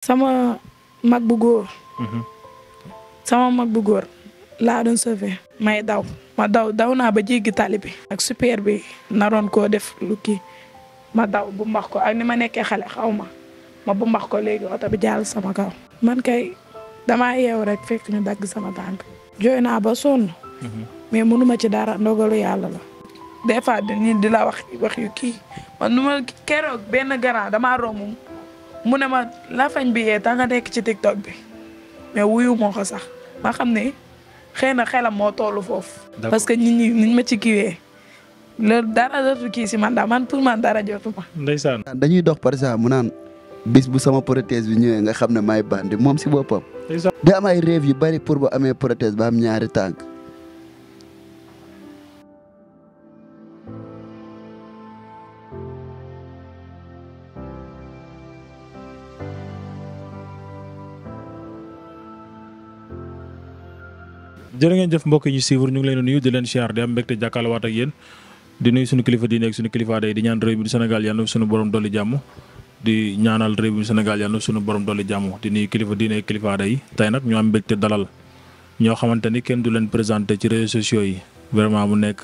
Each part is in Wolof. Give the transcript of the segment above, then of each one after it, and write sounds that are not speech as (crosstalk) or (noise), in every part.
sama mag bu góor. Mhm. sama mag bu góor laa doon sauvé. may daw ma daw daw naa ba jéggi tali bi. ak supeer bi naroon koo def lu ki ma daw bu mbax ko ak ni ma nekkee xale xaw ma ma bu mbax ko léegi oto bi jaal sama kaw. man kay dama yeew rek fekk ñu dagg sama tànk. jooy na ba sonn. Mhm. mais mënuma ci dara ndogalu yàlla la. des fois nit di la wax yu kii man nu ma keroog benn gara dama romb. mu ne ma lafañ bi yee daa nga nekk ci TikTok bi mais wuyu moo ko sax ma xam ne xëy na xelam moo toll foofu. parce que nit ñi nit ma ci kiiwee loolu dara jotu kii si man daa man pour man dara jotu ma. dañuy dox par exemple mu naan bis bu sama prothèse bi ñëwee nga xam ne maay bandi moom si boppam. day am ay rêve yu bari pour bu amee prothèse ba am ñaari tànk. jërë ngeen jëf mbokk ñu suivre ñu ngi leen nuyu di leen siyaar di am mbégte jàkkaarloowaat ak yéen di nuyu suñu kilifa diine ak suñu kilifa day di ñaan réew mi di Sénégal yàlla na suñu borom dolli jàmm di ñaanal réew mi Sénégal yàlla na suñu borom dolli jàmm di nuyu kilifa diine ak kilifa day tey nag ñu am mbégte dalal ñoo xamante ni kenn du leen présenté ci réseaux sociaux yi vraiment mu nekk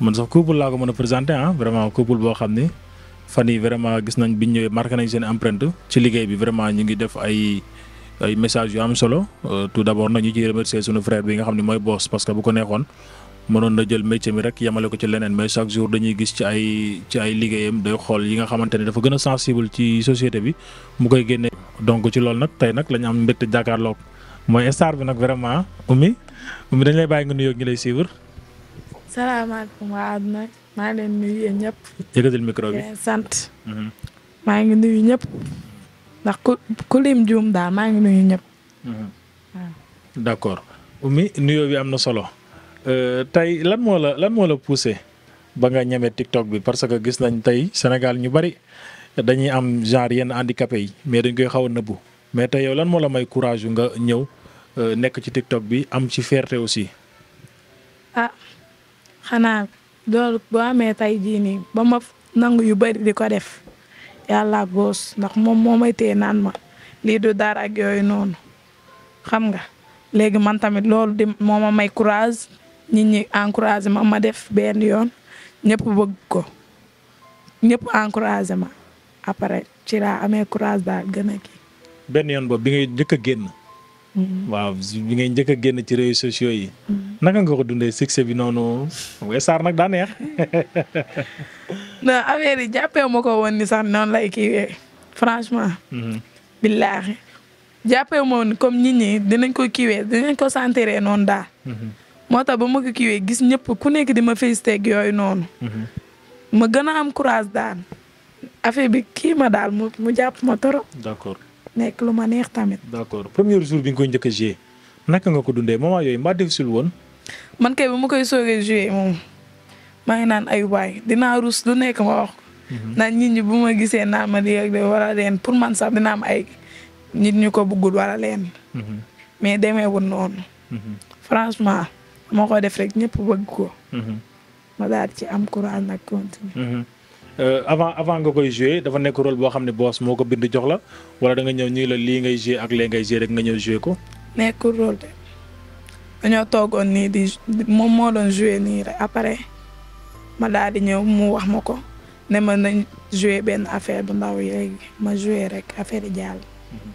mën sax couple laa ko mën a présenté ah vraiment couple boo xam ni fan yi vraiment gis nañ biñ ñëwee marqué nañ seen empreinte ci liggéey bi ñu ngi def ay ay message yu am solo euh, tout d'abord nag ñu ciy remercier sunu frère bi nga xam ne mooy boss parce que bu ko neexoon mënoon na jël métier mi rek yemale ko ci leneen mais chaque ay xool yi nga xamante ne dafa gën a sensible ci société bi mu koy génne. donc ci loolu nag tey nag la ñu am mbégte jàkkaarloog mooy star bi nag vraiment Oumy Oumy dañ lay bàyyi nga nuyoo ñu lay suivre. salaamaaleykum waa àdduna maa ngi leen nuyu yéen ñëpp. micro bi sant. Mhm. maa ngi nuyu ñëpp. ndax ku ku lim juum daal maa ngi nuyu ñëpp. Mhm. d' accord Oumy bi am na solo euh, tey lan moo la lan moo la poussé ba nga ñeme TikTok bi parce que gis nañ tey Sénégal ñu bari dañuy am genre yenn handicapé yi mais dañ koy xaw nëbbu mais tey yow lan moo la may courage yu nga ñëw euh, nekk ci TikTok bi am ci fierté aussi. ah xanaa loolu boo amee tey jii nii ba ma nangu yu bari di ko def. yàlla ak boos ndax moom moo may téye naan ma lii du daar ak yooyu noonu xam nga léegi man tamit loolu di moo ma may courage nit ñi encouragé ma ma def benn yoon ñëpp bëgg ko ñëpp encouragé ma après ci laa amee courage daal gën a kii. benn yoon boo bi ngay njëkk a génn. Mm-hmm. waaw bi ngay njëkk génn ci réseaux sociaux yi. Mm-hmm. naka nga ko dundee succès bi noonu. Wesaar nag daa neex. (laughs) non affaire yi jàppee ko woon ni sax noonu lay kiiwee franchement. Mhm. billaahi jàppee ma woon comme nit ñi dinañ ko kiiwee dinañ ko sentiree noonu daal. Mhm. moo tax ba ma ko kiiwee gis ñëpp ku nekk di ma félicité ak yooyu noonu. Mhm. ma gën a am courage daal affaire bi kii ma daal mu jàpp ma torop. nekk lu ma neex tamit. d'accord jour bi nga koy njëkk a joué naka nga ko dundee moment yooyu mbaa difficile woon. man kay ba ma koy soogee joué moom. maa ngi naan ay waay dinaa rus lu nekk ma wax. Mhm. ndax nit ñi bu ma gisee naa ma di wala leen pour man sax dina am ay nit ñu ko bëggul wala leen. Mhm. mais demeewul noonu. Mhm. franchement moo ko def rek ñëpp bëgg ko. ma daal ci am courage nag continuer. Euh, avant avant nga koy joué dafa nekk rôle boo xam ne boos moo ko bind jox la wala da nga ñëw ñii la lii ngay joué ak lee ngay joué rek nga ñëw joué ko. nekkul rôle de dañoo toogoon nii di moom moo doon joué nii rek après. ma daal di ñëw mu wax ma ko ne ma nañ joué benn affaire bu ndaw yi ma joué rek affaire yi jàll. Mm-hmm.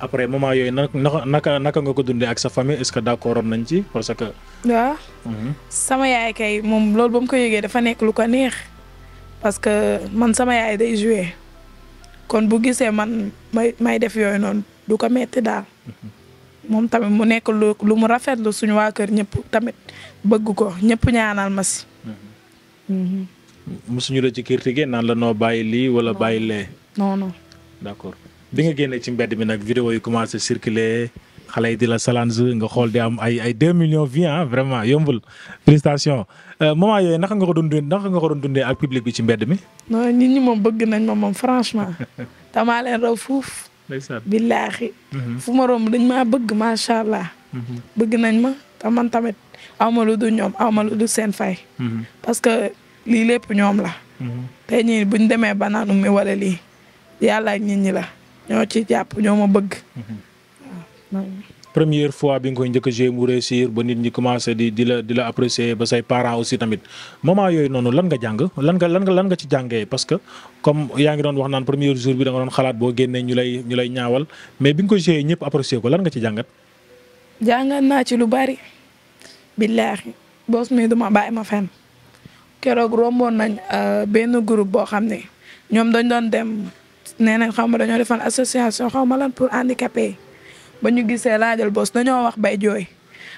après moment yooyu naka naka naka nga ko dundee ak sa famille est-ce que d'accord nañ ci parce que. waaw. Mm-hmm. sama yaay kay moom loolu ba mu ko yëgee dafa nekk lu ko neex parce que man sama yaay day joué kon bu gisee man may may def yooyu noonu du ko metti daal. Mm-hmm. moom tamit mu nekk lu lu mu rafetlu suñu waa kër ñëpp tamit bëgg ko ñëpp ñaanal ma si. Mm-hmm. mosuñu la ci critiquer naan la noo bàyyi lii wala bàyyi lee. non non d'accord bi nga génnee ci mbedd mi nag vidéo yi commencé circuler xale yi di la salange nga xool di am ay ay 2 millions vues vraiment yombul félicitation euh, moment yooyu naka nga ko doon dundee nga ko doon dundee ak public bi ci mbedd mi. non nit ñi moom bëgg nañ ma moom franchement. (laughs) damaa leen raw fuuf. ndeysaan billaahi. Mm-hmm. fu ma romb dañ maa bëgg macha allah. Mm-hmm. bëgg nañ ma te man tamit. awma lu du ñoom awma lu du seen fay mhm. parce que lii lépp ñoom la mhm. tey ñii buñ demee banaanu mi wala lii yàlla ak nit ñi la ñoo ci jàpp ñoo ma bëgg mhm. première fois bi nga koy njëkk a joué mu ba nit ñi commencé di di la di la apprécier ba say parent aussi tamit moment yooyu noonu lan nga jàng lan nga lan nga lan nga ci jàngee parce que comme yaa ngi doon wax naan premier jour bi da nga doon xalaat boo génnee ñu lay ñu lay ñaawal mais bi nga ko joué ñëpp apprécier ko lan nga ci jàngat. billaahi boos mi duma bàyyi ma fen keroog romboon nañ euh, benn groupe boo xam ne ñoom dañ doon dem nee nañ xaw ma dañoo defal association xaw ma lan pour handicapé yi ba ñu gisee laajal boos dañoo wax bay jooy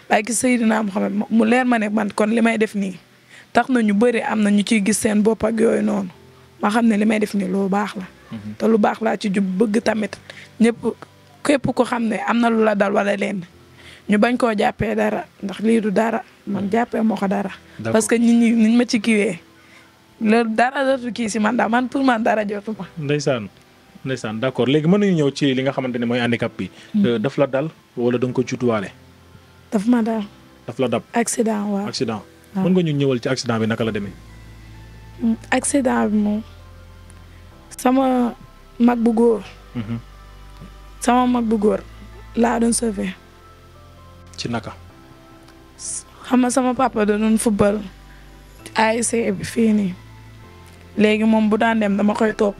bay gis Seydina Muhammad mu leer ma ne man kon li may def nii tax na ñu bëri am na ñu ciy gis seen bopp ak yooyu noonu ma xam ne li may def nii lu baax la. Mhm. te lu baax laa ci jub bëgg tamit ñëpp képp ko xam ne am na lu la dal wala leen ñu bañ koo jàppee dara ndax lii du dara man jàppee moo ko dara. parce que nit ñi ma ci kiiwee. loolu dara jotu kii si man daal man pour man dara jotu ma. ndaysaan ndeysaan d' accord léegi mën nañu ñëw ci li nga xamante ne mooy handicap bi. Hmm. Euh, daf la dal wala da nga daf ma dal. daf la dab waaw mën nga ñu ñëwal ci accident bi naka la demee. Hmm, accident bi moom sama mag bu góor. Mhm. sama mag bu góor laa doon sauvé. ci naka. xam sama papa da doon football ASC bi fii nii léegi moom bu daan dem dama koy topp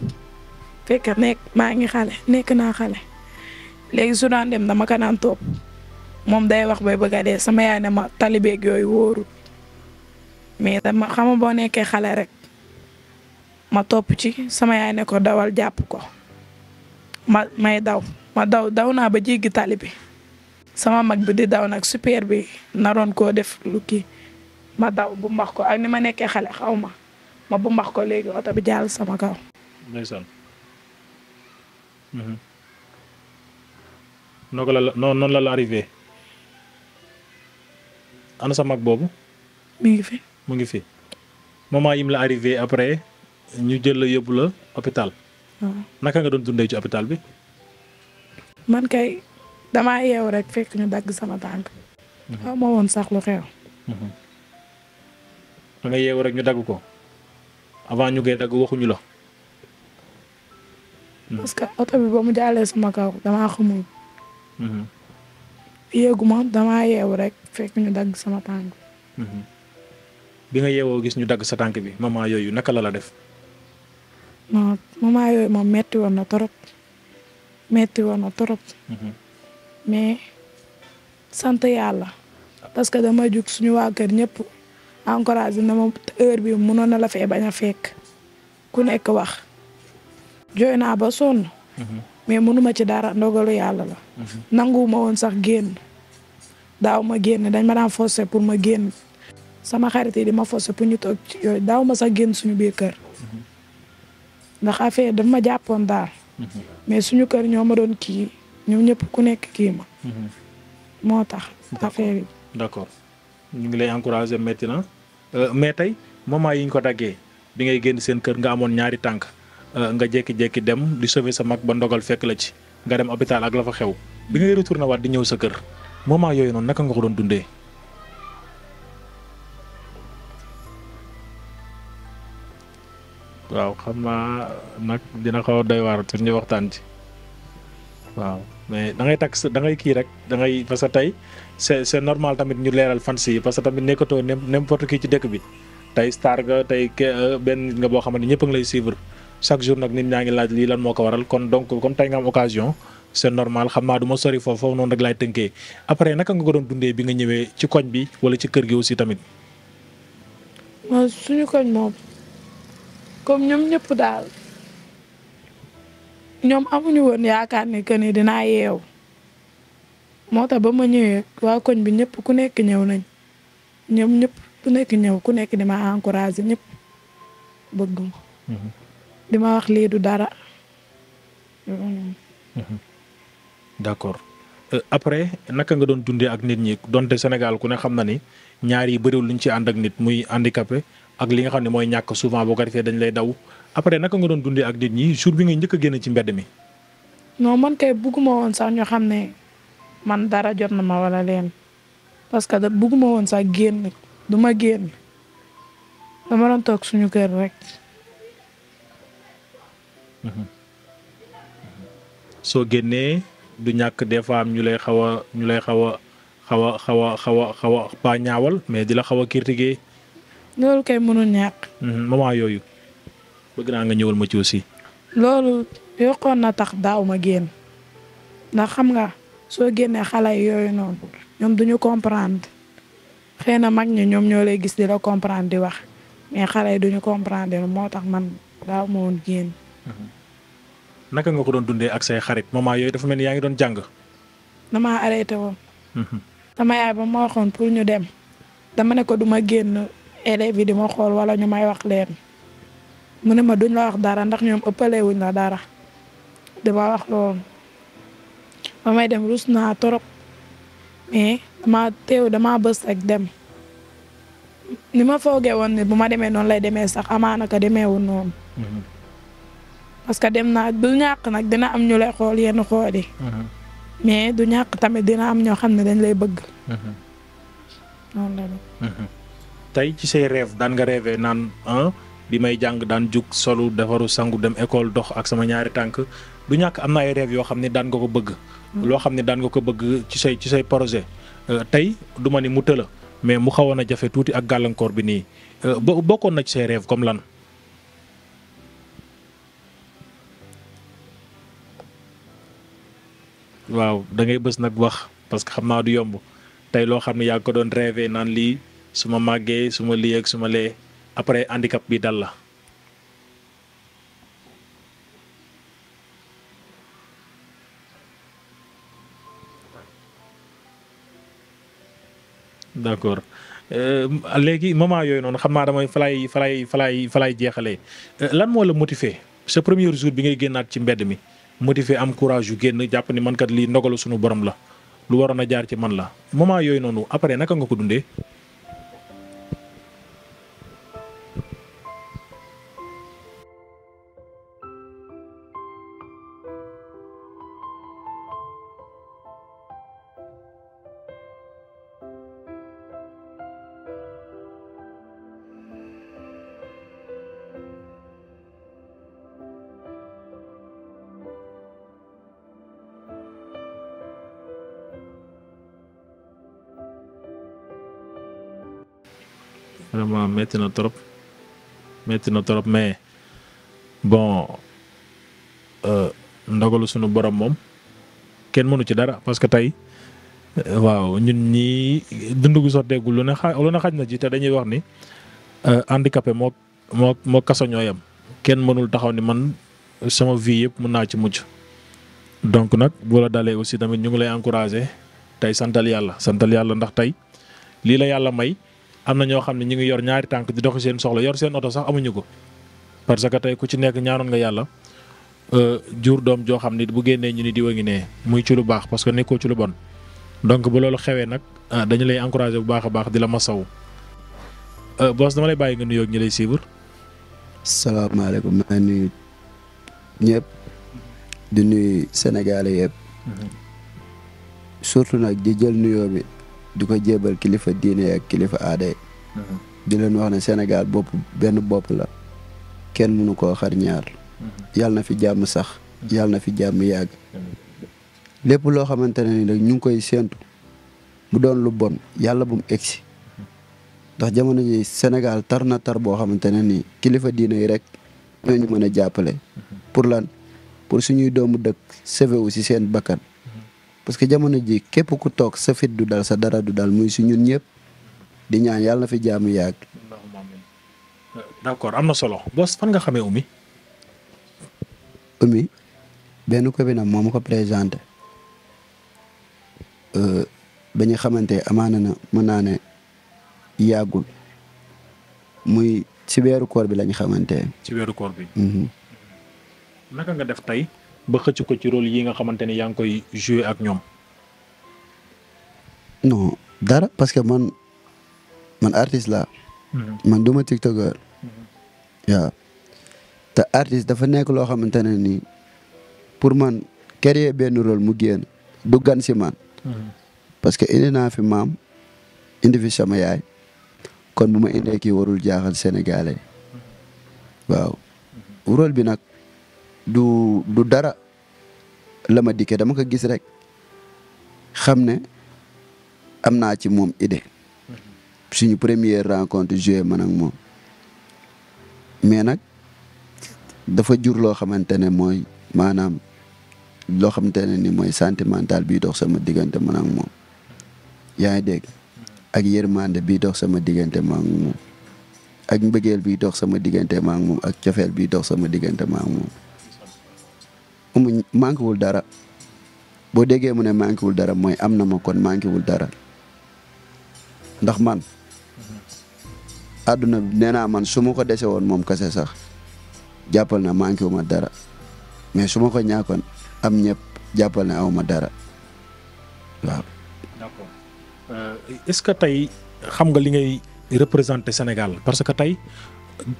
fekk nekk maa ngi xale nekk naa xale léegi su daan dem dama ko daan topp moom day wax bay bëgg a dee sama yaay ne ma talibeeg yooyu wóorul mais dama xam boo nekkee xale rek ma topp ci sama yaay ne ko dawal jàpp ko ma may daw ma daw daw naa ba jéggi tali sama mag bi di daw nag super bi naroon koo def lu kii ma daw bu mbax ko ak ni ma nekkee xale xaw ma ma bu mbax ko léegi oto bi jaal sama kaw. ndeysaan. Mhm. noo ko la la noonu la la arrivé. ana sa mag boobu. mu ngi fi mu ngi fi. moment yim la arrivé après ñu jël la yóbbu la hôpital. Ah. naka nga doon dundee ci hôpital bi. man kay damaa yeew rek fekk ñu dagg sama tànk. Mhm. xaw ma woon sax lu xew. da mhm. nga rek ñu dagg ko avant ñu koy dagg waxuñu la. Mhm. parce que oto bi ba mu jaalee sama kaw damaa xamul. yéeguma damaa yeew rek fekk ñu dagg sama tànk. bi nga yeewoo gis ñu dagg sa tànk bi maman yooyu naka la la def. non maman yooyu moom metti woon na trop metti woon na trop. mais sant yàlla parce que dama jug suñu waa kër ñëpp encouragé na ma heure bi mënoon na la fee bañ a fekk ku nekk wax jooy naa ba sonn mhm. mais mënuma ci dara ndogalu yàlla la mhm. nanguwuma woon sax génn daaw ma génn dañ ma daan forcé pour ma génn sama xarit yi di ma forcé pour ñu toog ci yooyu daaw ma sax génn suñu biir kër mhm. ndax affaire daf ma jàppoon daal mais suñu kër ñoo ma doon kii ñoom ñëpp ku nekk kii ma. Mhm. moo tax affaire yi. d'accord ñu ngi lay encourager métti na euh, mais tey moment yi ñu ko daggee bi ngay génn seen kër nga amoon ñaari tànk euh, nga jékki-jékki dem di sauver sa mag ba ndogal fekk la ci nga dem hôpital ak la fa xew bi ngay retourné waat di ñëw sa kër moment yooyu noonu naka nga ko doon dundee. waaw xam naa nag dina xaw a doy waar tur ñu waxtaan ci. waaw mais da ngay takk sa da ngay kii rek da ngay parce que tey c'est c'est tamit ñu leeral fans yi parce que tamit nekkatoo n'importe qui ci dëkk bi tey star nga tey euh, benn nit nga boo xamante ñëpp a ngi lay suivre chaque jour nag nit ñaa ngi laaj lii lan moo ko waral kon donc comme tey nga am occasion c'est normal xam naa du ma sori foofu foofu noonu rek laay tënkee après naka nga ko doon dundee bi nga ñëwee ci koñ bi wala ci kër gi aussi tamit. suñu koñ moom ñoom amuñu woon yaakaar ne que ne dinaa yeewu moo tax ba ma ñëwee waa koñ bi ñëpp ku nekk ñëw nañ ñoom ñëpp ku nekk ñëw ku nekk di ma encouragé ñëpp bëgg ma. Mhm. di ma wax lii du dara. Mhm. d'accord euh, après naka nga doon dundee ak nit ñi donte Sénégal ku ne xam na ni ñaar yi bëriwul luñ ci ànd ak nit muy handicapé ak li nga xam ne mooy ñàkk souvent boo ko defee dañ lay daw après naka nga doon dundee ak nit ñi jour bi nga njëkk a génn ci mbedd mi. non man kay bugguma woon sax ñu xam ne man dara jot na ma wala leen parce que da bugguma woon sax génn du ma génn dama doon toog suñu kër rek. Mhm. soo génnee du ñàkk des fois ñu lay xaw a ñu lay xaw a xaw a xaw a xaw a xaw a mais di la xaw a critiquer loolu kay mënul ñàkk. Mhm, moment yooyu bëgg naa nga ñëwal ma ci aussi. loolu yokkoon na tax daaw ma génn ndax xam nga soo génnee xale yooyu noonu ñoom duñu comprendre xëy na mag ñi ñoom ñoo lay gis di la comprendre di wax mais xale yi duñu comprendre moo tax man daaw ma woon génn. Mhm. naka nga ko doon dundee ak say xarit moment yooyu dafa mel ni yaa ngi doon jàng. damaa arrêté mhm. sama yaay ba ma waxoon pour ñu dem dama ne ko duma génn. élèves yi di ma xool wala ñu may wax leen mu ne ma duñ la wax dara ndax ñoom ëppalee wuñ la dara dama wax loolu ma may dem rus naa torop mais ma teew dama bës ak dem ni ma foogee woon ne bu ma demee noonu lay demee sax amaana ka demeewul noonu mhm. parce que dem naa du ñàkk nag dina am ñu lay xool yenn xool yi mhm. mais du ñàkk tamit dina am ñoo xam ne dañ lay bëgg mhm. tey ci say rêve daan nga rêvé naan ah bi may jàng daan jug solu defaru sangu dem école dox ak sama ñaari tànk du ñàkk am na ay rêve yoo xam ne daan nga ko bëgg. Mm. loo xam ne daan nga ko bëgg ci say ci say projet euh, tey du ma ni mu tëla mais mu xawoon a jafe tuuti ak gàllankoor bi nii euh, bo bokkoon na ci say rêve comme lan. waaw da ngay nag wax parce xam naa du yomb tey loo xam ne yaa ko doon rêvé naan lii. su ma màggee suma ma lii ak su ma lee après handicap bi dal la. d'accord euh, léegi moment yooyu noonu xam naa damay falay falay falay falay jeexalee euh, lan moo la motivé sa premier jour bi ngay génnaat ci mbedd mi motivé am courage yu génn jàpp ni man kat lii ndogalu sunu borom la lu waroon a jaar ci man la moment yooyu noonu après naka nga ko dundee. na trop metti na trop mais bon euh, ndogalu sunu borom moom kenn mënu ci dara parce que tey euh, waaw ñun ñii dund gu sotteegul lu ne xaj na ci te dañuy wax ni euh, handicapé moo moo moo kaso kenn mënul taxaw ni man sama vie yëpp mën naa ci mujj donc nag bu la dalee aussi tamit ñu ngi lay encourager tey santal yàlla santal yàlla ndax tey lii la yàlla may. am na ñoo xam ne ñu ngi yor ñaari tànk di doxi seen soxla yor seen oto sax amuñu ko parce que tey ku ci nekk ñaanoon nga yàlla euh, jur doom joo xam ne bu génnee ñu ni a ngi ne muy ci lu baax parce que nekkoo ci lu bon donc bu loolu xewee nag ah, dañu lay encouragé bu baax baax di la masawu euh, boos dama lay bàyyi nga nuyoog ñi lay suivre. salaamaaleykum maa nuyu ñëpp di nuyu Sénégalais yëpp mm-hmm. surtout nag di jël nuyoo bi. di ko jébal kilifa diine ak kilifa aada yi mhm. di leen wax ne senegaal bopp benn bopp la kenn mënu koo xar mhm. yàlla na fi jàmm sax mhm. yàlla na fi jàmm yàgg lépp loo xamante ne ni rek ñu ngi koy séentu mu doon lu bon yàlla bu mu egsi ndax jamono ji Sénégal tar na tar boo xamante ne nii kilifa diine yi rek ñooñu mën a jàppale pour lan pour suñuy doomu dëkk sevewu si seen bakkan parce que jamono ji képp ku toog sa fit du dal sa dara du dal muy si ñun ñëpp di ñaan yàlla na fi jaamu yàgg. d'accord am na solo boss fan nga xamee Oumy. Oumy benn copine am ko présenté euh, ba ñu xamante amaana na mën naa ne yàggul muy ci weeru koor bi lañ xamante ci weeru koor bi. Mhm. nga def tey ba xëcc ko ci rôle yi nga xamante ne yaa ngi koy jouer ak ñoom. non dara parce que man man artiste la mm-hmm. man duma tiktokeur. waaw mm-hmm. te artiste dafa nekk loo xamante ne nii pour man créer benn rôle mu génn du gan si man. Mm-hmm. parce que indi naa fi maam indi fi sama yaay kon bu ma indee kii warul jaaxal sénégalais waaw rôle bi du du dara la ma dikkee dama ko gis rek xam ne am naa ci moom idée mm-hmm. suñu première rencontre joué man ak moom mais nag dafa jur loo xamante ne mooy maanaam loo xamante ne ni mooy sentimental bii dox sama diggante man ak moom yaa ngi dégg mm-hmm. ak yërmande bii dox sama diggante man ak bii dox sama diggante man ak moom ak cofeel bii dox sama diggante man ak amuñ manqué wul dara boo déggee mu ne manqué wul dara mooy am na ma kon manqué wul dara ndax man àdduna bi nee naa man su ma ko dese woon moom kese sax jàppal na manqué wu ma dara mais su ma ko ñàkkoon am ñëpp jàppal ne aw ma dara waaw. d'accord euh, est-ce que tey xam nga li ngay représenter Sénégal parce que tey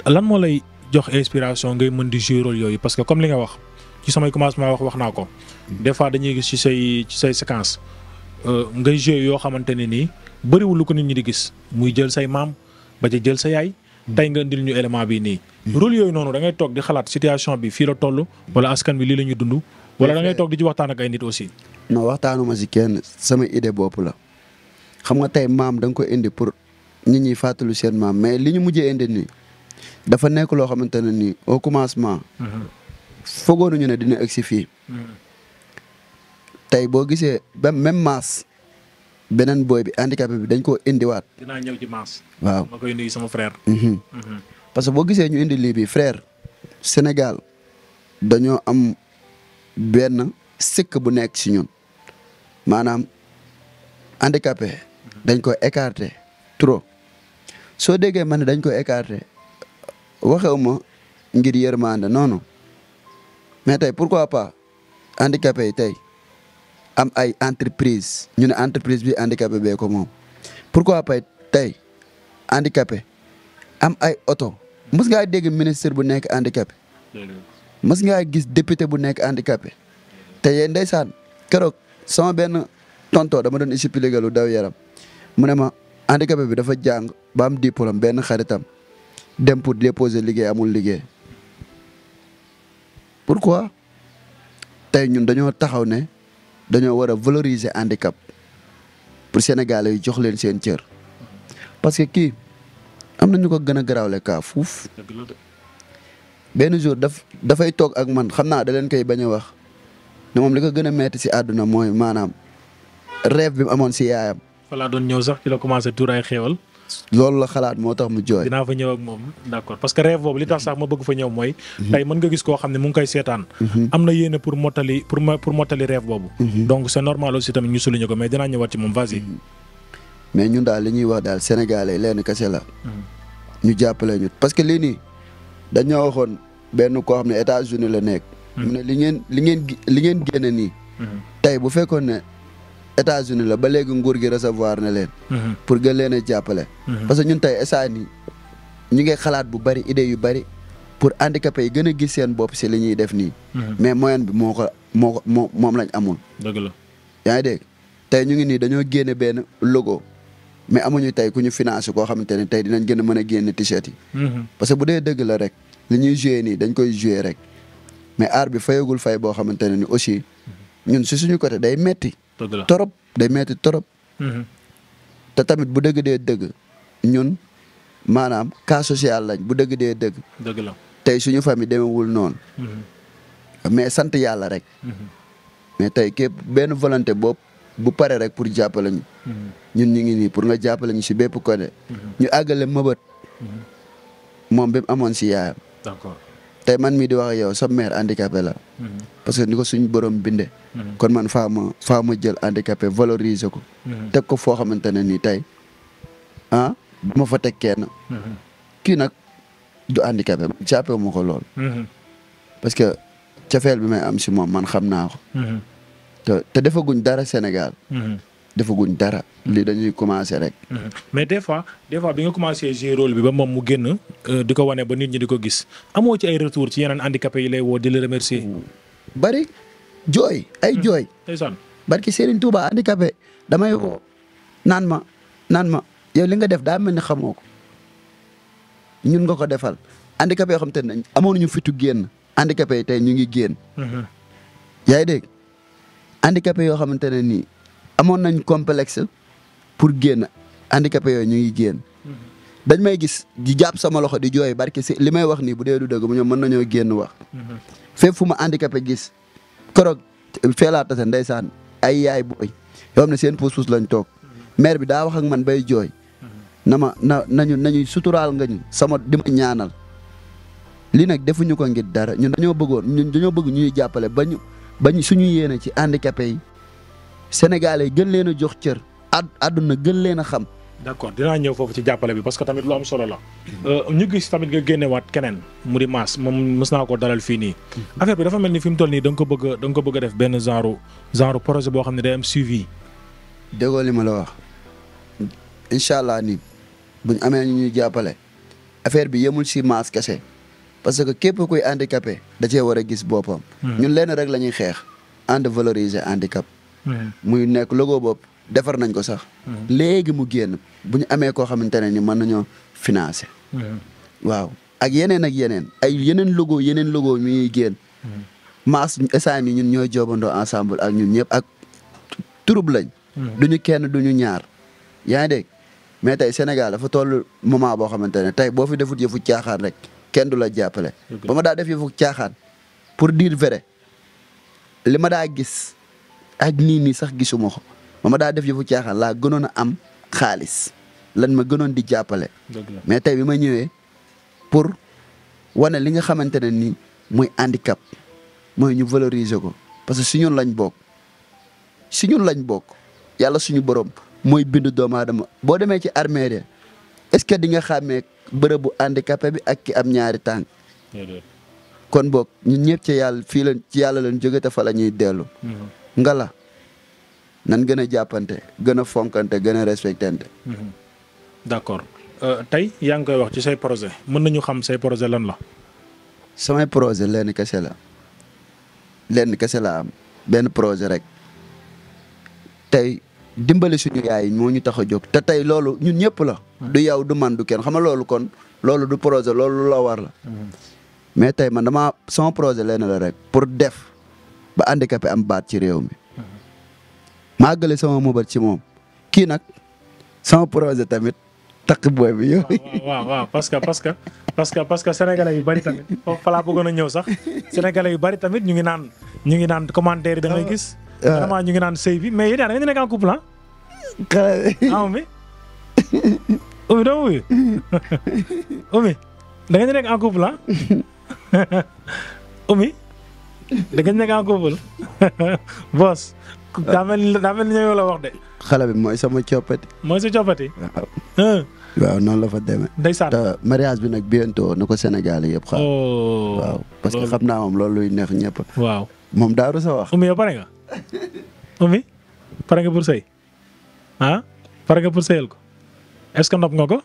lan moo lay jox inspiration ngay mën di jouer rôle yooyu parce que comme li nga wax. ci samay commencement wax wax naa ko des fois dañuy gis ci say ci say séquence euh, ngay joué yoo xamante ne nii bëriwul lu ko nit ñi di gis muy jël say maam ba ca jël sa yaay. tey nga lu ñu élément bi nii. rôle yooyu noonu dangay toog di xalaat situation bi fii la toll. wala askan bi lii la ñuy dund. wala dangay ngay toog di ci waxtaan ak ay nit aussi. non waxtaanuma si kenn sama idée bopp la xam nga tey maam danga ko indi pour nit ñuy fàttalu seen maam mais li ñu mujjee indi dafa nekk loo xamante ne nii commencement. Mhm. ñu ne dina egsi fii. tey boo gisee ba même masse beneen booy bi handicapé bi dañ koo indiwaat. dinaa ñëw ci masse. waaw ma koy mhm. Mhm. parce que boo gisee ñu indi lii bi frère senegal dañoo am benn sikk bu nekk si ñun maanaam handicapé dañ koo écarté trop soo déggee ma ne dañ ko écarté waxew ma ngir yërmande noonu mais tey pourquoi pas handicapé yi tey am ay entreprise ñu ne entreprise bi handicapé bee ko moom pourquoi pas tey handicapé am ay oto mës ngaa dégg ministre bu nekk handicapé mës ngaa gis député bu nekk handicapé te yéen ndeysaan keroog sama benn tonto dama doon expliquer lu daw yaram mu ne ma handicapé bi dafa jàng baam am diplôme benn xaritam dem pour déposer liggéey amul liggéey pour pourquoi tey ñun dañoo taxaw ne dañoo war a valoriser handicap pour sénégalais yi jox leen seen cër parce que kii am na ñu ko gën a garaawle kaa fuuf. benn jour daf dafay toog ak man xam naa da leen koy bañ a wax ne moom li ko gën a metti si àdduna mooy maanaam rêve bi mu amoon si yaayam. fa laa doon ñëw sax ci la commencé tuur ay xéewal loolu la xalaat moo tax mu jooy. dinaa fa ñëw moom d'accord parce que boobu li tax sax ma bëgg fa ñëw mooy. Mhm. tey mën nga gis koo xam ne mu ngi koy seetaan. Mhm. am na yéene pour mottali pour mottali rêve boobu. Mhm. donc c'est normal aussi tamit ñu souligner ko mais dinaa ñëwaat ci moom vas mais ñun daal li ñuy wax daal sénégalais leen kese la. ñu jàppale ñu parce que lii nii dañoo waxoon benn koo xam ne États-Unis la nekk. mu ne li ngeen li ngeen génne États-Unis la ba léegi nguur gi recevoir na leen. Mhm. pour gën leen a jàppale. Mhm. parce que ñun tey instant yi ñu ngi xalaat bu bari idée yu bari pour handicapé yi gën a gis seen bopp si li ñuy def nii. Mhm. mais moyen bi moo ko moo ko moom lañ amul. dëgg yaa ngi dégg tey ñu ngi nii dañoo génne benn logo mais amuñu tey ku ñu financé koo xamante ne tey dinañ gën a mën a génne t-shirt yi. que bu dee dëgg la rek li ñuy joué nii dañ koy joué rek mais aar bi fayagul fay boo xamante ne ni aussi ñun si suñu côté day metti torop da metti torop. Mhm. te tamit bu dëgg dee dëgg ñun maanaam cas social lañ bu dëgg dee dëgg. dëgg la tey suñu famille demewul noonu. Mhm. sant yàlla rek. Mhm. mais tey képp benn volonté bopp bu pare rek pour jàppale ñu. ñun ñu ngi nii pour nga jàppale ñu si bépp côté. ñu àggale mëbët. moom bi amoon si yaayam. tey man mii di wax ak yow sa mère handicapé la. Mm-hmm. parce que ni ko suñu borom bindee. Mm-hmm. kon man faa ma faa ma jël handicapé valoriser ko. Mm-hmm. ko foo xamante ne nii tey ah du ma fa teg kenn. kii nag du handicapé jàppee ma ko lool. parce que cafeel bi may am si moom man xam naa ko. te te defaguñ dara Sénégal. defaguñ dara. Mm-hmm. lii dañuy commencé rek. Mm-hmm. mais des fois des fois bi nga commencé jouer rôle bi ba moom mu génn euh, di ko wane ba nit ñi di ko gis amoo ci ay retour ci yeneen handicapé yi lay woo di la remercier. Mm. bari jooy ay mm-hmm. jooy. ndeysaan barki Serigne Touba handicapé damay woo naan ma naan ma yow li nga def daa mel ni xamoo ko ñun nga ko defal handicapé yoo xam te ne amoon nañu fitu génn handicapé yi tey ñu ngi génn. yaa yoo xamante ne nii. amoon nañ complexe pour génn handicapé yooyu ñu ngi génn. dañ may gis di jàpp sama loxo di jooy barki si li may wax nii bu dee du dëgg bu ñoom mën nañoo génn wax. fépp fu ma handicapé gis koroog feelaa tase ndeysaan ay yaay booy yoo ne seen puus puus lañ toog maire bi daa wax ak man bay jooy. na ma na nañu nañuy suturaal nga ñu sama di ma ñaanal lii nag defuñu ko ngir dara ñun dañoo bëggoon ñun dañoo bëgg ñuy jàppale ba ñu ba ñu suñu yéene ci handicapé yi. sénégalais gën leen a jox cër ad àdduna gën leen a xam. d'accord dinaa ñëw foofu ci jàppale bi parce que tamit lu am solo la. Euh, ñu gis tamit nga waat keneen mu di maas moom mës naa ko dalal fii nii. affaire bi dafa mel ni fi mu toll nii da nga ko bëgg ko bëgg a def benn genre genre projet boo xam ne day am suivi. déggoo li ma la wax incha allah ni buñ amee ñu ñuy jàppale affaire bi yemul si maas kese parce que képp koy handicapé da cee war a gis boppam. Hmm. ñun lenn rek la xeex en de valoriser mu nekk logo boobu defar nañ ko sax. léegi mu génn bu ñu amee koo xamante ne ni mën nañoo financer. waaw ak yeneen ak yeneen ay yeneen logo yeneen logo mi génn. maas esaan yi ñun ñooy joobandoo ensemble ak ñun ñëpp ak troupe lañ. ñu kenn duñu ñaar yaa ngi dégg mais tey Sénégal dafa toll moment boo xamante ne tey boo fi defut yëfu caaxaan rek kenn du la jàppale. ba ma daa def yëfu caaxaan pour dire vrai li ma daa gis. ak nii nii sax gisuma ko ma ma daa def yëfu caaxaan laa gënoon a am xaalis lan ma gënoon di jàppale. mais tey bi ma ñëwee pour wane li nga xamante ne nii muy handicap mooy ñu valoriser ko parce que si ñun lañ bokk si ñun lañ bokk yàlla suñu borom mooy bindu doomu aadama boo demee ci armée est-ce que di nga xàmmee bërëbu handicapé bi ak ki am ñaari tànk. kon boog ñun ñëpp ci yàlla fii lañ ci yàlla lañ jóge te fa la ñuy dellu. Mhm. nga la nan gën a jàppante gën a fonkante gën a respectante. Mhm. d'accord euh, tey yaa ngi koy wax ci say projet mën nañu xam say projet lan la. samay projet lenn kese la lenn kese la am benn projet rek tey dimbali suñu yaay moo ñu tax a jóg te tey loolu ñun ñëpp la. Mhm. du yow du man du kenn xam loolu kon loolu du projet loolu la war la. Mhm. mais tey man dama sama projet lenn la rek pour def. ba handicapé am baat ci réew mi maa gële sama mëbët ci moom kii nag sama projet tamit takk booy bi yow. waaw waaw parce que parce que parce que parce que sénégalais yu bari tamit fa laa a ñëw sax sénégalais yu bari tamit ñu ngi naan ñu ngi naan commentaire yi da ngay gis. Ah, ah. vraiment ñu ngi naan sëy mais yéen daal da ngeen di nekk en couple ah. ah Oumy Oumy doo wuyu (laughs) Oumy da ngeen nekk en couple ah (laughs) Oumy. da gëj na ngaa kóobal (laughs) boss. daa mel ni daa mel ni la wax de. xale bi mooy sama coppati. mooy sa coppati. waaw. waaw la fa demee. ndeysaan te mariage bi nag bientôt na ko Sénégal yëpp xam. Oh. waaw que xam naa moom loolu luy moom daaru sa wax. Oumy yow pare nga Oumy (laughs) pare nga pour sëy ah pare nga pour sëyal ko est-ce que nopp nga ko.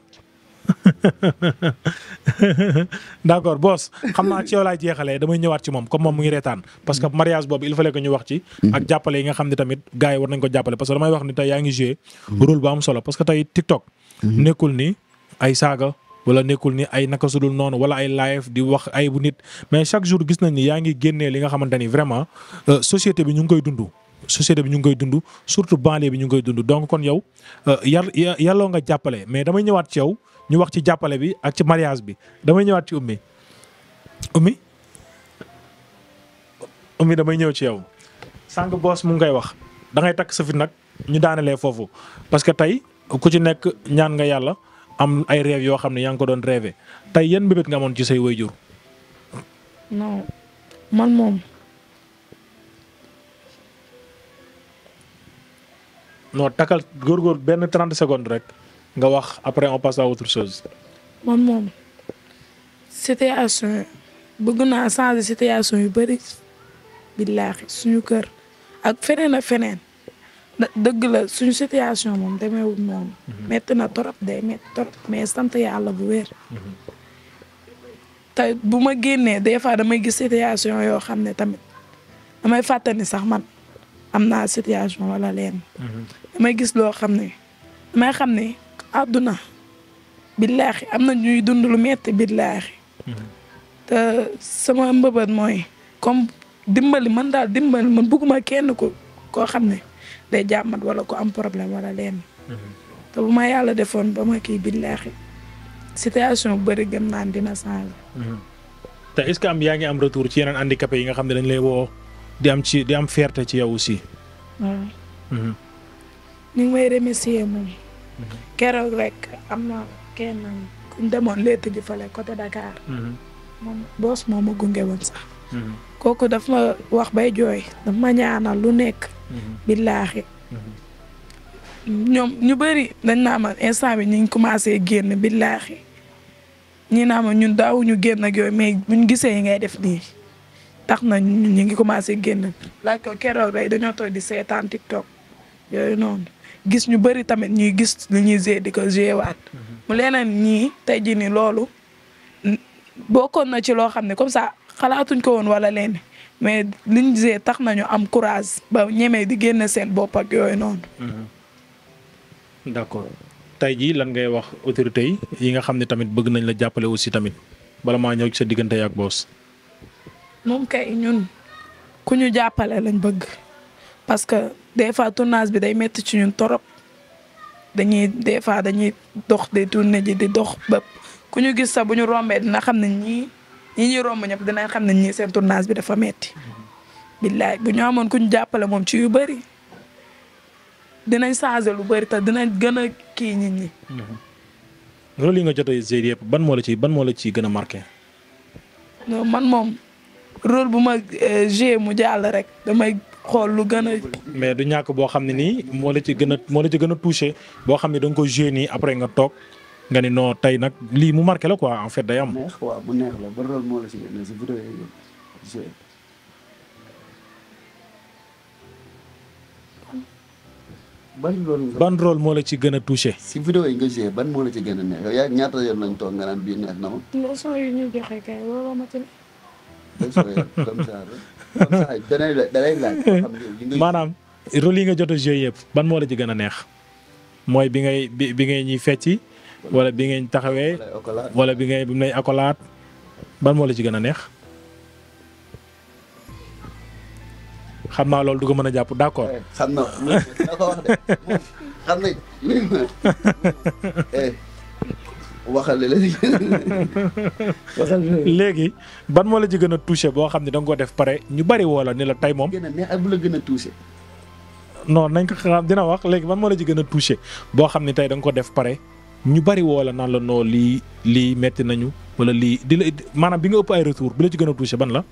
(laughs) d' accord boss xam naa ci yow laay jeexalee damay ñëwaat ci moom comme moom mu ngi reetaan parce que boobu il fallait que ñu wax ci. ak jàppale yi nga xam ne tamit gars yi war nañ ko jàppale parce que damay wax ni yaa ngi joué. rôle bu am solo parce que tey TikTok. nekkul ni ay saaga. wala nekkul ni ay naka sudul noonu wala ay live di wax ay bu nit mais chaque jour gis nañ ni yaa ngi génnee li nga xamante ni vraiment euh, société bi ñu ngi koy dund. société bi ñu ngi koy dund surtout banlieue bi ñu ngi koy dund donc kon yow euh, yar yàlloo nga jàppale mais damay ñëwaat ci yow ñu wax ci jàppale bi ak ci mariage bi damay ñëwaat ci ummi ummi ummi damay ñëw ci yow sànq boos mu ngi koy wax da takk sa fit nag ñu daanelee foofu parce que tey ku ci nekk ñaan nga yàlla am ay rêve yoo xam ne yaa ngi ko doon rêvé tey yan mbébét nga amoon ci say wayjur non man moom. noo takkal góor góorgóor benn trente secondes rek. nga wax après on passe à autre chose. man moom situation bëgg naa changer situation yu bëri billaahi suñu kër ak feneen ak feneen dëgg la suñu situation moom demeewul noonu. Mhm. metti na torop day metti torop mais sant yàlla bu wér. Mhm. te bu ma génnee des fois damay gis situation yoo xam ne tamit damay fàttani sax man am naa situation wala leen. Mhm. damay gis loo xam ne damay xam ne. adduna billaahi am na ñuy dund lu metti billaahi te sama mbëbët mooy comme dimbali man daal dimbali man bëgguma kenn ko koo xam ne day jàmmat wala ko am problème wala leen te bu ma yàlla defoon ba ma kii billaahi situation bu bëri gëm naan dina changé te est am yaa ngi am retour ci yeneen handicapé yi nga xam ne dañ lay woo di am ci di am fierté ci yow aussi waaw ñu mhm. ngi may moom keroog rek am na kenn ku demoon létt jëfale fale côté Dakar. Mhm. moom boos moo ma gunge woon sax. Mhm. kooku daf ma wax bay jooy daf ma ñaanal lu nekk. Mhm. billaahi. ñoom ñu bëri dañ naa ma instant bi ñu ngi commencé génn billaahi ñi naa ma ñun daawuñu génn ak yooyu mais buñ gisee yi ngay def nii tax na ñu ngi commencé génn laaj ko keroog rek dañoo toog di seetaan TikTok yooyu noonu. gis ñu bëri tamit ñuy gis lu ñuy gérer di ko joué waat mm-hmm. mu leneen ñii tey jii ni loolu bokkoon na ci loo xam ne comme ça xalaatuñ ko woon wala leen mais liñ gisee tax nañu am courage ba ñemee di génn seen bopp ak yooyu noonu. Mm-hmm. d'accord tey jii lan ngay wax autorités yi nga xam ne tamit bëgg nañ la jàppale aussi tamit bala maa ñëw ci sa diggante ak boos. moom kay ñun ku ñu jàppale lañ bëgg parce des fois tournage bi day métti ci ñun torop dañuy des fois dañuy dox di tourné ji di dox ba ku ñu gis sax bu ñu rombee dina xam nañ ñii ñi ñuy romb ñëpp dinañ xam nañ ñii seen tournage bi dafa metti billaay bu ñu amoon ku ñu jàppale moom ci yu bëri dinañ changé lu bëri te dinañ gën a kii nit ñi. Mm-hmm. rôle yi nga jot a joué yëpp ban moo la ci ban moo la gën a marqué. man moom rôle bu ma euh, joué mu jàll rek xool lu gën a. mais du ñàkk boo xam ne nii moo la ci gën a moo la ci gën a touché boo xam ne da nga ko joué nii après nga toog nga ne non tey nag lii mu marqué la ko en fait day am. neex waaw bu neex la ban rôle moo la ci gën a joué. ban rôle moo la ci gën a touché. si vidéo yi nga joué ban moo la ci gën a neex yow yaa ñaata yoon lañ toog nga naan bii neex na ma. maanaam rôle yi nga jot a joué yëpp ban moo la ci gën a neex mooy bi ngay bi ngay ñuy fecci wala bi ngay taxawee wala bi ngay bi mu accolade ban moo la ci gën a neex xam naa loolu du ko mën a jàpp d'accord. Eh, xam naa waxal (laughs) léegi ban moo la ci gën a touché boo xam ne da ko def pare ñu bari woo la ni la tey moom. gën a ak bu la gën a touché. non nañ ko xam dina wax léegi ban moo la ci gën a touché boo xam ne tey danga nga ko def pare ñu bari woo la naan la noo lii lii metti nañu wala lii di la maanaam bi nga ëpp ay retour bi la ci gën a touché ban la.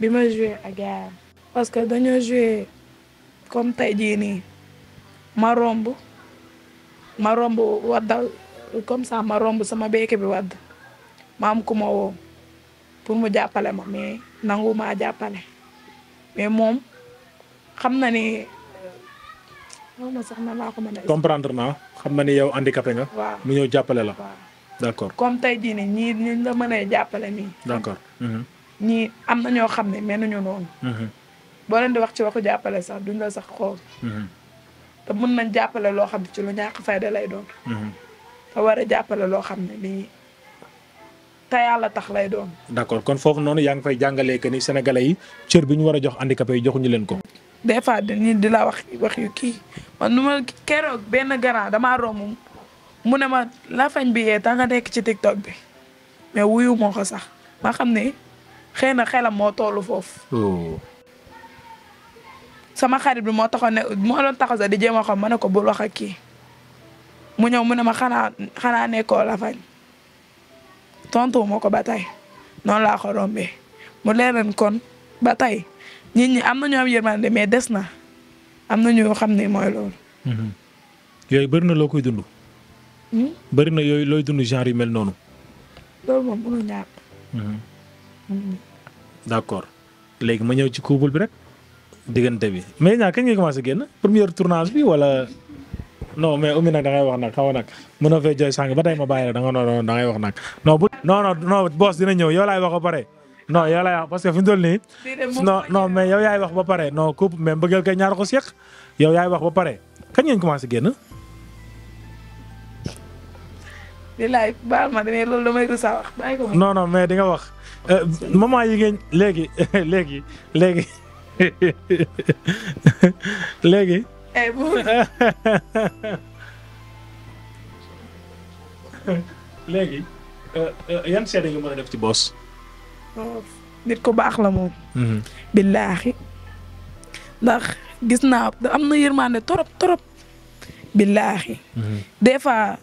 bi ma joué ak gars parce que dañoo joué comme tey jii nii ma romb. ma romb waddal comme ça ma romb sama béykat bi wadd ma am pour mu jàppale ma mais nangu ma jàppale mais moom xam na ni sax na laa ko mën a. comprendre naa xam na ni yow handicapé nga. waaw mu ñëw jàppale la. waaw comme tey jii nii ñii ñu la mën jàppale nii. d' mhm. ñii am na ñoo xam ne mel nañu noonu. Mhm. boo leen di wax ci waxu jàppale sax duñ la sax xool. Mhm. te mën nañ jàppale loo xam ne ci lu ñàkk fayda lay doon mhm. te war a jàppale loo xam ne nii te yàlla tax lay doon d'accord kon foofu noonu yaa ngi fay jàngalee que ni sénégalais yi cër bi ñu war a jox handicapé yi joxuñu leen ko des fois dañuy di la wax wax yu kii man nu ma keroog benn garant damaa romb mu ne ma la fañ bi yee ta nga nekk ci tiktok bi mais wuyu moo ko sax ma xam ne xëy na xelam moo tollu foofu oh. sama xarit bi moo taxoon ne moo doon taxaw sax di jéem ma ne ko bul wax ak mu ñëw mu ne ma xanaa xanaa nekkoo moo ko ba tey noonu laa ko rombee mu leeral kon ba tey nit ñi am na ñoo mais des na am na ñoo xam ne mooy mhm. yooyu bëri na loo koy dund. Hmm? bëri na yooyu looy dund genre yu mel noonu. loolu moom mënul ñàkk. Mhm. Hmm. léegi ma ñëw ci couple bi rek. diggante bi mais ñaa kañ ngay commencé génn première tournage bi wala no mais umi nag da ngay wax nag xaw nag mën a fee jooy sàng ba tey ma bàyyi la da nga non da ngay wax nag dina ñëw yow laay wax ba pare no yow laay wax parce que fi mu toll nii non ba pare non coupe mais mbëggeel kay ñaar ko seq yow yaay wax ba pare kañ ngeen commencé génn di laay baal ma demee loolu mais di nga wax euh, moment yi ngeen léegi (laughs) léegi léegi (laughs) léegi. Eh, (laughs) léegi euh, euh, yan seede nga mën a def ci boos. Oh, nit ko baax la moom. Mhm. billaahi ndax gis naa am na yërmande torop torop. billaahi. Mhm. des fois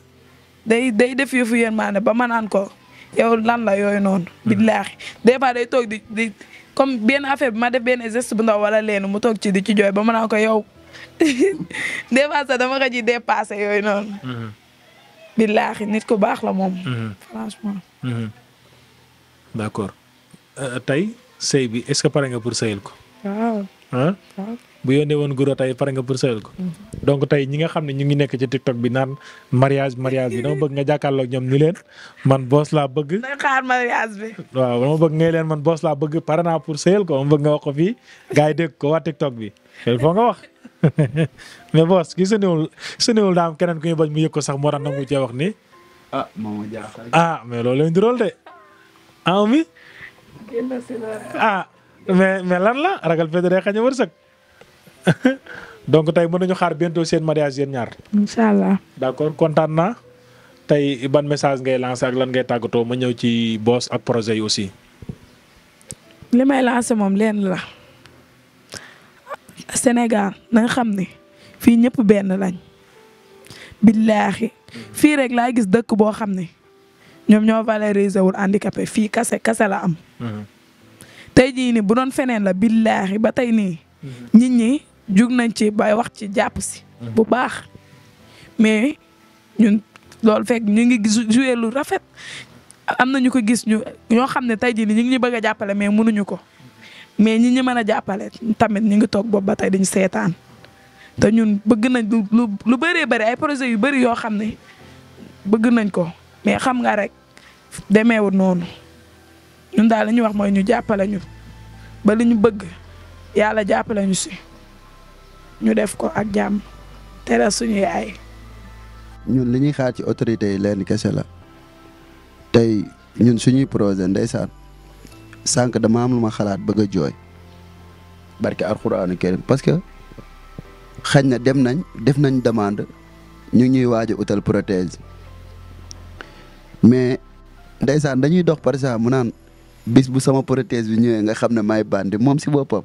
day day def yëfu yërmande ba ma naan ko yow lan la yooyu noonu. Mhm. billaahi des fois day toog di. comme benn affaire bi ma def benn geste bu ndaw wala leen mu toog ci di ci jooy ba ma naa ko yow (laughs) des fois sax dama ko ji dépassé yooyu noonu. Mhm. billaahi nit ku baax la moom. Mhm. franchement. Mhm. d' accord euh, tey sëy bi est pare nga pour sëyal ko. waaw. ah. bu yónnee woon guro tey pare nga pour sëyal ko. Mm-hmm. donc tey ñi nga xam ne ñu ngi nekk ci TikTok bi naan mariage mariage bi dama bëgg nga jàkkaarloo ak ñoom ni leen man boos laa bëgg. day xaar mariage waaw bëgg ngay leen man boos laa bëgg pare naa pour sëyal ko ma bëgg nga wax ko fii gars yi dégg ko waa TikTok bi il faut nga wax (laughs) mais boos ki sëniwul sëniwul daa keneen ku ñu bañ mu yëg ko sax moo na nangu cee wax ni. ah moom ah mais loolu lañ de ah, ah mais lan la ragal fee de day xañ a wërsëg (laughs) donc tey mën nañu xaar bientôt seen mariage yéen ñaar. incha allah d'accord kontaan naa tey ban message ngay lancer ak lan ngay tàggatoo ma ñëw ci boss ak projet yi aussi. li may lancer moom leen la Sénégal na xam ni fii ñëpp benn lañ. billaahi fii rek laa gis dëkk boo xam ni ñoom ñoo valoriser wul handicapé fii kase kase la am. Mhm. tey jii nii bu doon feneen la billaahi ba tey nii. Mhm. nit ñi jug nañ ci bay wax ci jàpp si. bu baax mais ñun loolu fekk ñu ngi gis joué lu rafet am na ñu ko gis ñu ñoo xam ne tey jii ni ñu ngi ñu bëgg a jàppale mais mënuñu ko mais ñi ñu mën a jàppale tamit ñu ngi toog boobu ba tey dañu seetaan te ñun bëgg nañ lu lu lu bëree bëri ay projets yu bëri yoo xam ne bëgg nañ ko mais xam nga rek demeewul noonu ñun daal li wax mooy ñu jàppale ñu ba bëgg yàlla jàppale ñu si. ñu def ko ak jàmm teral suñuy ay ñun li ñuy xaar ci autorités yi leen kese la tey ñun suñuy projet ndeysaan sànq dama am lu ma xalaat bëgg a jooy barke alxuraanu karim parce que xañ na dem nañ def nañ demande ñu ñuy waaj a utal protège mais ndeysaan dañuy dox par exemple mu naan bis bu sama protège bi ñëwee nga xam ne maay bandi moom si boppam.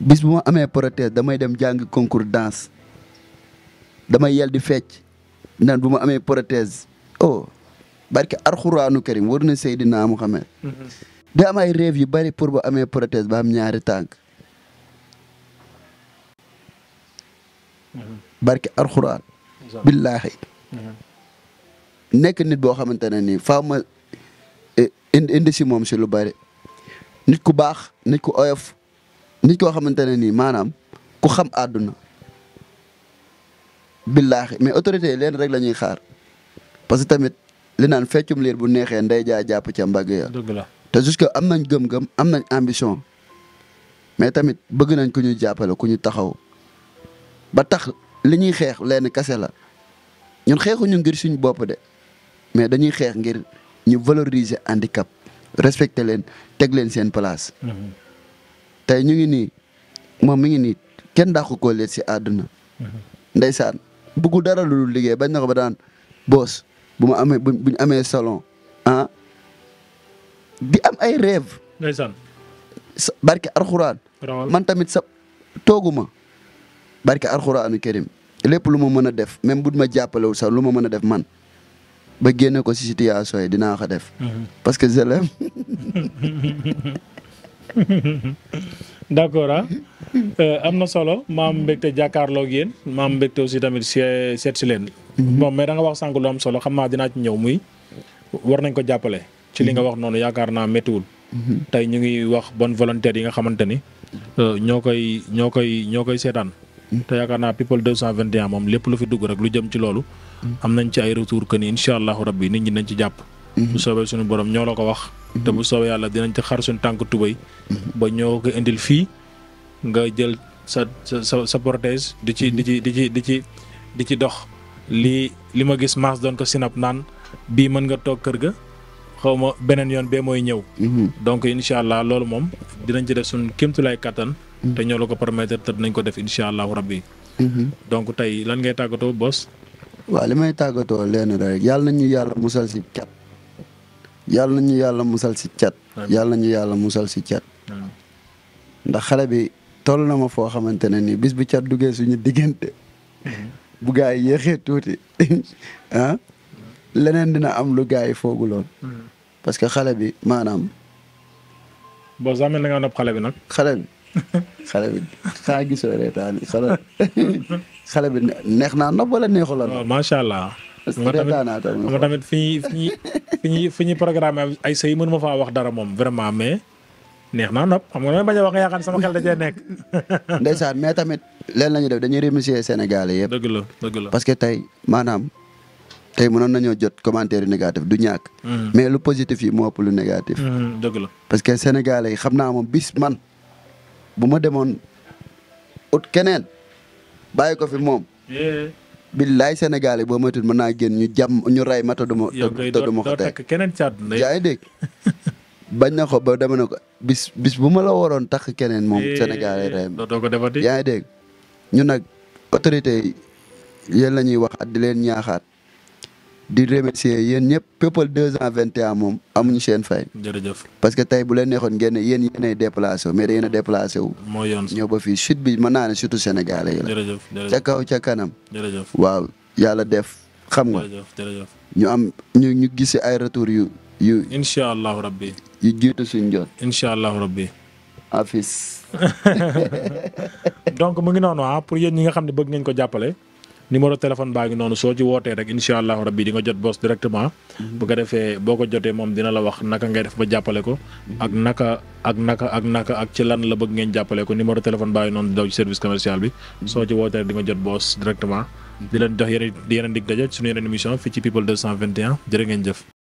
bis bu ma amee prothèse damay dem jàngi concours danse damay yel di fecc naan bu ma amee prothèse oh barke arxuraanu karim war na Seydina Muhammad mm-hmm. da am ay rêve yu bari pour bu amee prothèse ba am ñaari tànk mm-hmm. barke arxuraan billaahi mm-hmm. nekk nit boo xamante ne ni faaw ma eh, indi si moom si lu bari nit ku baax nit ku oyof nit koo xamante ne nii maanaam ku xam àdduna billaahi mais autorité leen rek la xaar parce que tamit li naan feccum liir bu neexee ndey jaay jàpp ca mbagg ya dëgg la que am nañ gëm-gëm am nañ ambition mais tamit bëgg nañ ku ñu jàppale ku ñu taxaw ba tax li ñuy xeex leen kase la ñun ñu ngir suñu bopp de mais dañuy xeex ngir ñu valoriser handicap respecter leen teg leen seen place. Mm-hmm. tey ñu ngi nii moom mu ngi nii kenn dàqu koo leet si àdduna. Mm-hmm. ndeysaan bëggu dara lu dul liggéey bañ na ba daan boos bu ma amee bu ñu amee salon ah di am ay rêve. ndeysaan barke arxuraan. man tamit sa tooguma ma barke arxuraanu kërim lépp lu ma mën a def même bu ma jàppalewul sa lu ma mën a def man ba génne ko si situation yi dinaa ko def. Mm-hmm. parce que (laughs) (laughs) d' accord ah euh, am na solo maam mbégte jàkkaarloo ak yéen maam mbégte aussi tamit euh, seet si leen. moom mais da nga wax sànq lu am solo xam naa dinaa ci ñëw muy war nañ ko jàppale. ci li nga mhm. wax noonu yaakaar naa méttiwul. Mhm. tey ñu ngi wax bonne volontaire yi nga xamante ni euh, ñoo koy ñoo koy ñoo koy seetaan. Mhm. te yaakaar naa people 221 moom lépp lu fi dugg rek lu jëm ci loolu. am nañ ci ay retour que ni incha allahu rabbi nit ñi nañ ci jàpp. bu soobee suñu borom ñoo la ko wax. te bu soobee yàlla dinañ ci xar suñ tànk tubéy ba ñoo ko indil fii nga jël sa sa sa protège di ci di ci di ci di ci di ci dox lii li ma gis maas doon ko sinap naan bii mën nga toog kër ga xaw ma beneen yoon bee mooy ñëw mhm. donc incha allah loolu moom dinañ ci def suñ kémtulaay kattan mhm. te ñoo la ko permettre te nañ ko def incha allahu rabbi mhm. donc tey lan ngay tàggatoo boss waaw li may tàggatoo leen rek yàlla nañu yàlla musal si cat yàlla ñu yàlla musal si cat. yàlla nañu yàlla musal si cat. ndax xale bi toll na ma foo xamante ne nii bis bu cat duggee suñu diggante. bu gaa yi yéexee tuuti (laughs) ah, leneen dina am lu gaa yi fooguloon. parce que xale bi maanaam. boo sax mel na xale bi nag. xale xale bi xaa gisoo reetaan xale xale bi (laughs) neex naa nopp wala neexuloon. waaw macha allah. reetaanaa tamit ma tamit fi ñuy programme ay sëy ma faa wax dara moom vraiment mais neex naa nopp xam nga damay bañ a wax nga yaakaar sama (laughs) mais tamit leen la ñuy def dañuy remercier Sénégalais yëpp. dëgg la parce que tey maanaam tey mënoon nañoo jot commentaire yu négatif du ñàkk. Mm. mais lu positif yi moo ëpp lu négatif. Mm, dëgg la parce que Sénégalais yi xam naa moom bis man bu ma demoon ut keneen bàyyi ko fi moom. billaay sénégalais boo moytuwul mën naa génn ñu jàmm ñu rey ma te du ma. te du ma ko teg keneen ci àdduna yaa ngi (laughs) bañ na ko ba dama ko bis bis bu ma la woroon takk keneen moom eh, sénégalais rey ma doo dégg ñu nag autorité yi yéen la ñuy wax at di leen ñaaxaat. di remercier yéen ñëpp People 221 moom amuñu seen fay. jërëjëf parce que tey bu leen neexoon ngeen ne yéen yéenay déplacé wu mais da ngeen moo yoon ñëw ba fii chute bi mën naane ne surtout sénégalais yi la. jërëjëf jërëjëf ca kaw ca kanam. jërëjëf waaw yàlla def. xam nga ñu am ñu ñu gis ay retour yu yu. incha allahu rabbi. yu jiitu suñ jot. incha allahu rabbi. afis. (laughs) (laughs) donc mu ngi noonu ah pour yéen ñi nga xam ne bëgg ngeen ko jàppale. numéro téléphone baa ngi noonu soo ci wootee rek incha allahu rabbi di nga jot boss directement. Mhm. bu ko defee boo ko jotee moom dina la wax naka ngay def ba jàppale ko. Mhm. ak naka ak naka ak naka ak ci lan la bëgg ngeen jàppale ko numéro téléphone baa ngi noonu daw ci service commercial bi. Mhm. soo ci wootee rek di jot boss directement. di leen jox yeneen yeneen dig daje suñu yeneen émission fii ci people 221 jërë ngeen jëf.